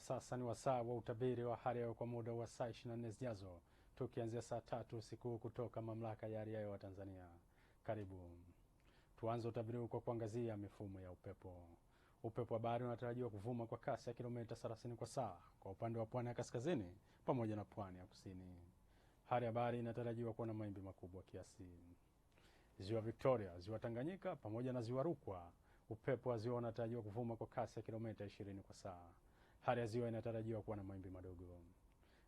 sasa ni wasaa wa utabiri wa hali ya hewa kwa muda wa saa 24 zijazo, tukianzia saa tatu usiku kutoka Mamlaka ya Hali ya Hewa Tanzania. Karibu tuanze utabiri huu kwa kuangazia mifumo ya upepo. Upepo wa bahari unatarajiwa kuvuma kwa kasi ya kilomita 30 kwa saa kwa upande wa pwani ya kaskazini pamoja na pwani ya kusini. Hali ya bahari inatarajiwa kuwa na mawimbi makubwa kiasi. Ziwa Victoria, ziwa Tanganyika pamoja na ziwa Rukwa, upepo wa ziwa unatarajiwa kuvuma kwa kasi ya kilomita 20 kwa saa hali ya ziwa inatarajiwa kuwa na mawimbi madogo.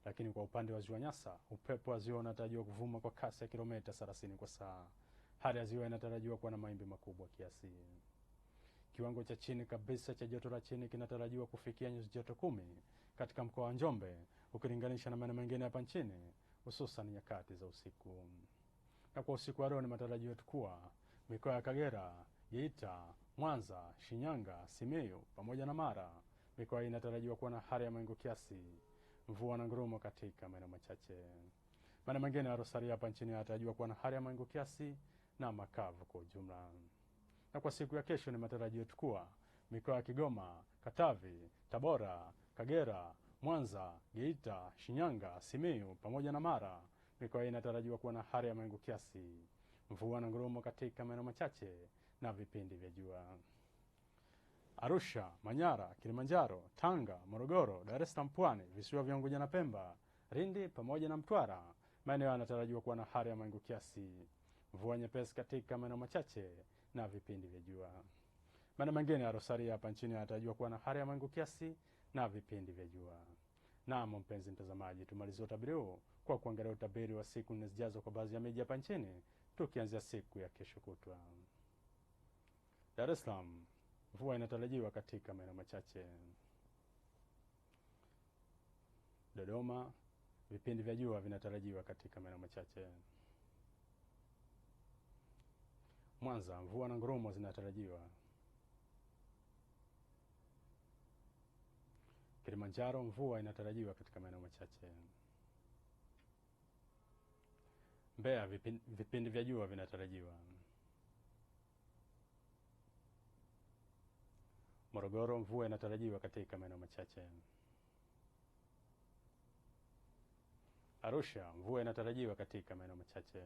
Lakini kwa upande wa ziwa Nyasa, upepo wa ziwa unatarajiwa kuvuma kwa kasi ya kilomita 30 kwa saa. Hali ya ziwa inatarajiwa kuwa na mawimbi makubwa kiasi. Kiwango cha chini kabisa cha joto la chini kinatarajiwa kufikia nyuzi joto kumi katika mkoa wa Njombe ukilinganisha na maeneo mengine hapa nchini, hususan nyakati za usiku. Na kwa usiku wa leo ni matarajio yetu kuwa mikoa ya Kagera, Geita, Mwanza, Shinyanga, Simiyu pamoja na Mara mikoa inatarajiwa kuwa na hali ya mawingu kiasi, mvua na ngurumo katika maeneo machache. Maeneo mengine ya Rosari hapa nchini yanatarajiwa kuwa na hali ya mawingu kiasi na makavu kwa ujumla. Na kwa siku ya kesho, ni matarajio yetu kuwa mikoa ya Kigoma, Katavi, Tabora, Kagera, Mwanza, Geita, Shinyanga, Simiyu pamoja na Mara, mikoa hii inatarajiwa kuwa na hali ya mawingu kiasi, mvua na ngurumo katika maeneo machache na vipindi vya jua. Arusha, Manyara, Kilimanjaro, Tanga, Morogoro, Dar es Salaam, Pwani, visiwa vya Unguja na Pemba, Lindi pamoja na Mtwara. Maeneo yanatarajiwa kuwa na hali ya mawingu kiasi, mvua nyepesi katika maeneo machache na vipindi vya jua. Maeneo mengine ya rosari hapa nchini yanatarajiwa kuwa na hali ya mawingu kiasi na vipindi vya jua. Naam, mpenzi mtazamaji, tumalizie utabiri huu kwa kuangalia utabiri wa siku nne zijazo kwa baadhi ya miji hapa nchini, tukianzia siku ya kesho kutwa. Dar es Salaam Mvua inatarajiwa katika maeneo machache Dodoma. Vipindi vya jua vinatarajiwa katika maeneo machache Mwanza. Mvua na ngurumo zinatarajiwa. Kilimanjaro, mvua inatarajiwa katika maeneo machache. Mbeya, vipindi vya jua vinatarajiwa. Morogoro mvua inatarajiwa katika maeneo machache. Arusha mvua inatarajiwa katika maeneo machache.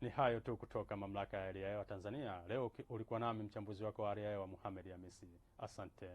Ni hayo tu kutoka Mamlaka ya Hali ya Hewa Tanzania. Leo ulikuwa nami mchambuzi wako wa hali ya hewa Mohamed Hamisi. Asante.